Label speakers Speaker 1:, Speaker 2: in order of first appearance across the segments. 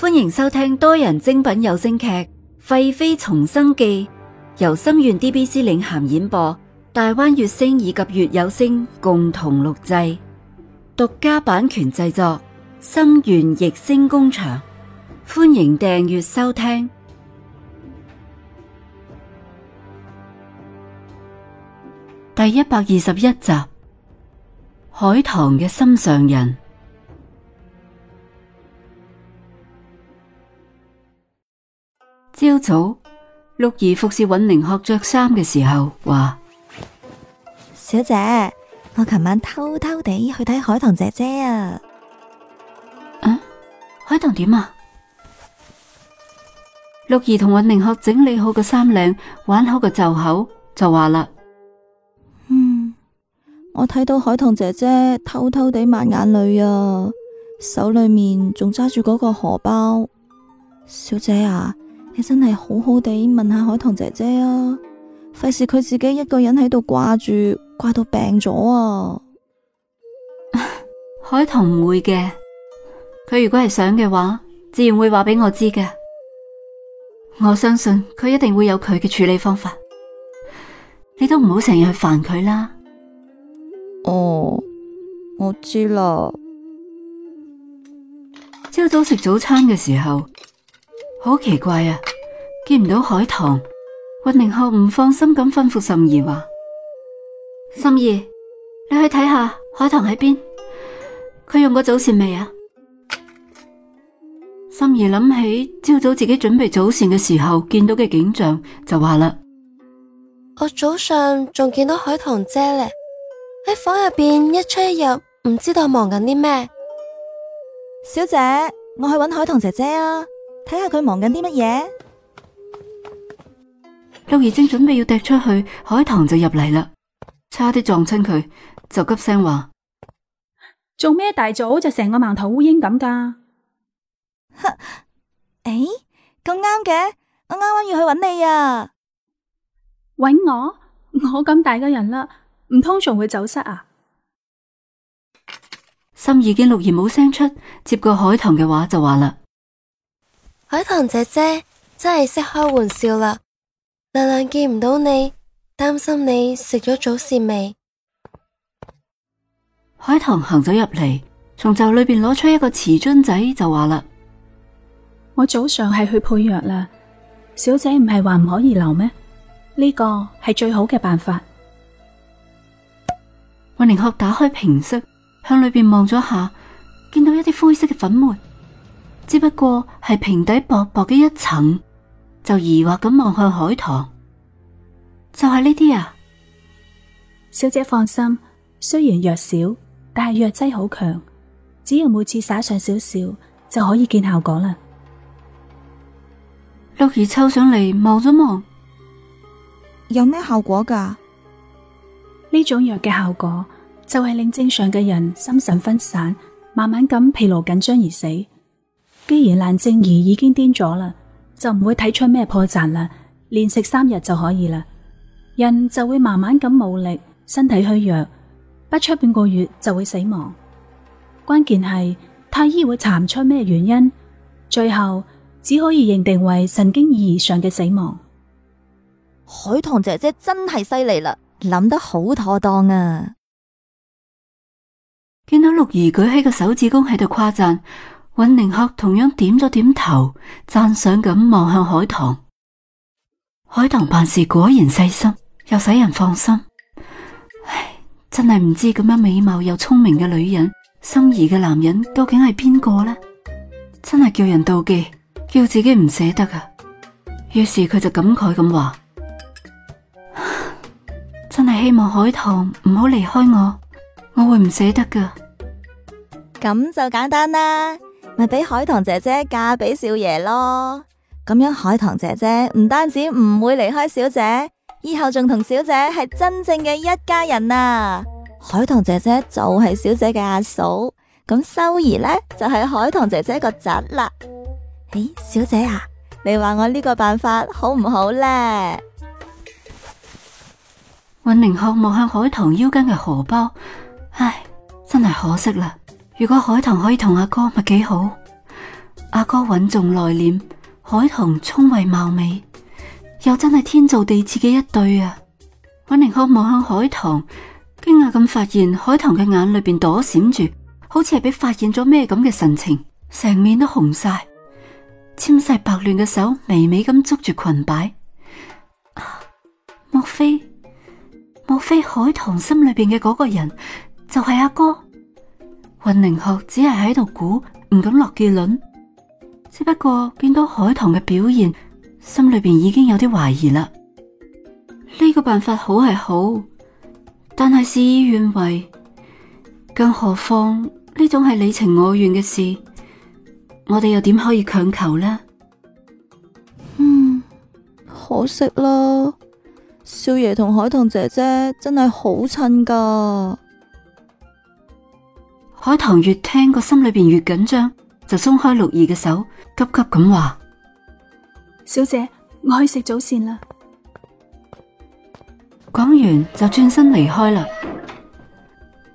Speaker 1: 歡迎收聽多人精品有聲劇《廢妃重生記》，由心願 DBC 領銜演播，大灣月星以及月有聲共同錄製，獨家版權製作，心願逸星工場。歡迎訂閱收聽第一百二十一集《海棠嘅心上人》。朝早，六兒服侍尹寧學着
Speaker 2: 衫嘅時候，話：小姐，我琴晚偷偷地去睇海棠姐姐啊。嗯、啊，海棠點啊？
Speaker 1: 六兒同尹寧學整理好個衫領，挽好個袖口，就話啦：嗯，
Speaker 2: 我睇到海棠姐姐偷偷地抹眼淚啊，手裏面仲揸住嗰個荷包，小姐啊。你真係好好地問下海棠姐姐啊，費事佢自己一個人喺度掛住，掛到病咗啊！
Speaker 1: 海棠唔會嘅，佢如果係想嘅話，自然會話俾我知嘅。我相信佢一定會有佢嘅處理方法，你都唔好成日去煩佢啦。
Speaker 2: 哦，
Speaker 1: 我知啦。朝早食早餐嘅時候。好奇怪啊！見唔到海棠，雲寧鶴唔放心咁吩咐心兒話：心兒，你去睇下海棠喺邊，佢用過早膳未啊？心兒諗起朝早自己準備早膳嘅時候見到嘅景象就，就話啦：
Speaker 2: 我早上仲見到海棠姐咧，喺房入邊一出一入，唔知道忙緊啲咩。小姐，我去搵海棠姐姐啊！睇下佢忙緊啲乜嘢？六兒正準備
Speaker 1: 要趯出去，海棠就入嚟啦，差啲撞親佢，就急聲話：
Speaker 3: 做咩大早就成個盲頭烏蠅咁？噶、 欸？誒咁啱嘅，我啱啱要去揾你啊！揾我？我咁大個人啦，唔通仲會走失啊？
Speaker 1: 心怡見六兒冇聲出，接過海棠嘅話就話啦。
Speaker 2: 海棠姐姐真係識開玩笑啦！娘娘見唔到你，擔心你食咗早膳未？
Speaker 1: 海棠行咗入嚟，從袖裏邊攞出一個瓷樽仔，就話啦，
Speaker 3: 我早上係去配藥啦。小姐唔係話唔可以留咩？呢個係最好嘅辦法。
Speaker 1: 雲凌鶴打開瓶塞，向裏邊望咗下，見到一啲灰色嘅粉末。只不過
Speaker 3: 係瓶底薄薄嘅一層，就疑惑咁望向海棠。就係呢啲啊，小姐放心，雖然藥少，但係藥劑好強，只要每次撒上少少就可以見效果啦。六兒湊上嚟，望咗望，有咩效果噶？呢種藥嘅效果就係令正常嘅人心神分散，慢慢咁疲勞緊張而死。既然蘭靜怡已經癲咗啦，就唔會睇出咩破綻啦。連食三日就可以啦，人就會慢慢咁冇力，身體虛弱，不出半個月就會死亡。關鍵係太醫會查唔出咩原因，最後只可以認定為神經意義上嘅死亡。海棠
Speaker 2: 姐姐真係犀利啦，諗得好妥當啊！見
Speaker 1: 到六兒舉起個手指公喺度誇讚。尹寧鶴同樣點咗點頭，讚賞咁望向海棠。海棠辦事果然細心，又使人放心。唉，真係唔知咁樣美貌又聰明嘅女人，心儀嘅男人究竟係邊個呢？真係叫人妒忌，叫自己唔捨得噶。於是佢就感慨咁話：
Speaker 2: 真係希望海棠唔好離開我，我會唔捨得噶。咁就簡單啦。咪俾海棠姐姐嫁俾少爺咯，咁樣海棠姐姐唔單止唔會離開小姐，以後仲同小姐係真正嘅一家人啊！海棠姐姐就係小姐嘅阿嫂，咁修兒呢就係海棠姐姐個侄啦。誒，小姐啊，你話我呢個辦法好唔好咧？
Speaker 1: 允寧康望向海棠腰間嘅荷包，唉，真係可惜啦。如果海棠可以同阿哥咪幾好，阿哥穩重內斂，海棠聰慧貌美，又真係天造地設嘅一對啊！我寧可望向海棠，驚訝咁發現海棠嘅眼裏邊躲閃住，好似係俾發現咗咩咁嘅神情，成面都紅晒，纖細白嫩嘅手微微咁捉住裙擺，啊。莫非莫非海棠心裏邊嘅嗰個人就係阿哥，哥？云寧學只係喺度估，唔敢落結論。只不過見到海棠嘅表現，心裏邊已經有啲懷疑啦。呢、這個辦法好係好，但係事與願違。更何況呢種係你情我願嘅事，我哋又點可以強求呢？
Speaker 2: 嗯，可惜啦，少爺同海棠姐姐真係好襯噶。
Speaker 1: 海棠越聽個心裏邊越緊張，就鬆開六兒嘅手，急急咁話：
Speaker 3: 小姐，我去食早膳啦。
Speaker 1: 講完就轉身離開啦。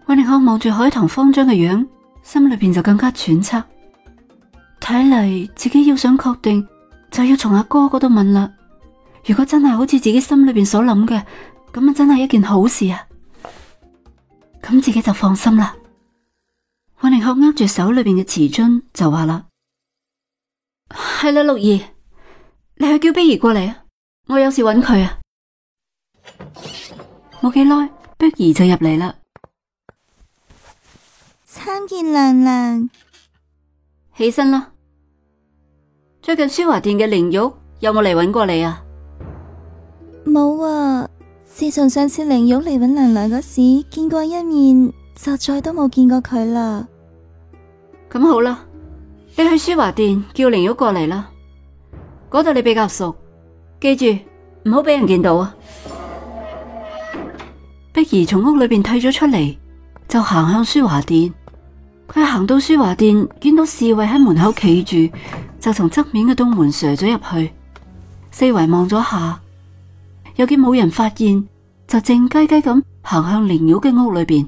Speaker 3: 韋力可望住
Speaker 1: 海棠慌張嘅樣，心裏邊就更加揣測，睇嚟自己要想確定，就要從阿哥嗰度問啦。如果真係好似自己心裏邊所諗嘅，咁啊真係一件好事啊，咁自己就放心啦。韋寧學握住手裏邊嘅瓷樽，就話啦：係寧啦靈靈，六兒，你去叫碧兒過嚟啊，我有事揾佢啊。冇幾耐，碧兒就入嚟啦。
Speaker 2: 參寧靈見娘娘，
Speaker 1: 寧靈起身啦。最近書華殿嘅凌玉有冇嚟揾過你啊？
Speaker 2: 冇啊，自從上次凌玉嚟揾娘娘嗰時，見過一面。就再都冇見過佢啦。
Speaker 1: 咁好啦，你去書華殿叫玲玉過嚟啦。嗰度你比較熟，記住唔好俾人見到啊。碧兒從屋裏邊退咗出嚟，就行向書華殿。佢行到書華殿，見到侍衛喺門口企住，就從側面嘅東門斜咗入去。四圍望咗下，又見冇人發現，就靜雞雞咁行向玲玉嘅屋裏邊。